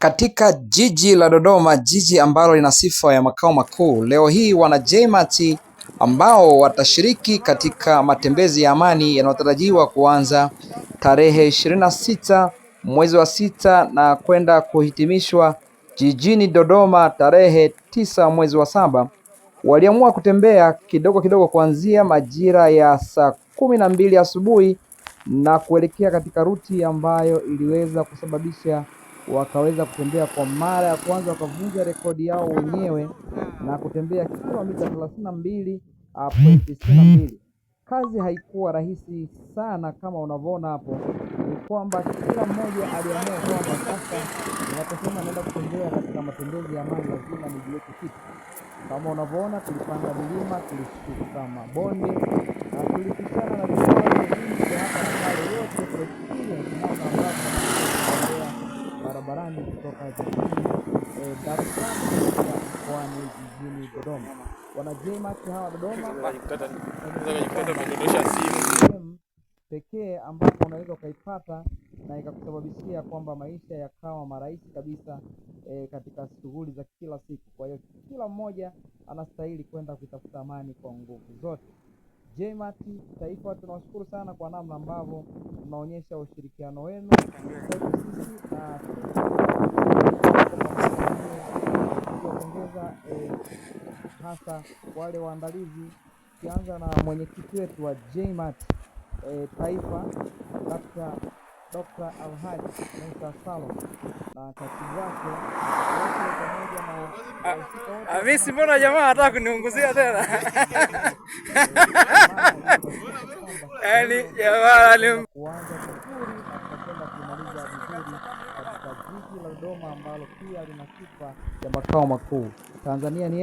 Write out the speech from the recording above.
Katika jiji la Dodoma, jiji ambalo lina sifa ya makao makuu, leo hii wana JMAT ambao watashiriki katika matembezi ya amani yanayotarajiwa kuanza tarehe 26 mwezi wa sita na kwenda kuhitimishwa jijini Dodoma tarehe tisa mwezi wa saba. Waliamua kutembea kidogo kidogo kuanzia majira ya saa kumi na mbili asubuhi na kuelekea katika ruti ambayo iliweza kusababisha wakaweza kutembea kwa mara ya kwanza, wakavunja rekodi yao wenyewe na kutembea kilomita 32.62. Ah, Kazi haikuwa rahisi sana kama unavyoona hapo, ni kwamba kila mmoja aliamua kwamba sasa inaposema naenda kutembea katika matembezi ya amani lazima nijiweke kitu. Kama unavyoona, tulipanda milima, tulishuka mabonde na tulipishana na mkoani kutoka eh, Dar es Salaam mkoani jijini Dodoma. Wanajmax hawa Dodoma eh, eh, pekee ambapo unaweza ukaipata na ikakusababishia kwamba maisha yakawa marahisi kabisa e, katika shughuli za kila siku. Kwa hiyo kila mmoja anastahili kwenda kutafuta amani kwa nguvu zote. JMAT Taifa, tunawashukuru sana kwa namna ambavyo mnaonyesha ushirikiano wenu na eh, hasa wale waandalizi, ukianza na mwenyekiti wetu wa JMAT eh, taifa Dr. Dr. Alhaj Musa Salo na katibu wake pamoja ah, ah, na Hamisi. Mbona jamaa anataka kuniunguzia tena? Yaani jamaa alim jiji la Dodoma ambalo pia lina sifa ya makao makuu Tanzania ni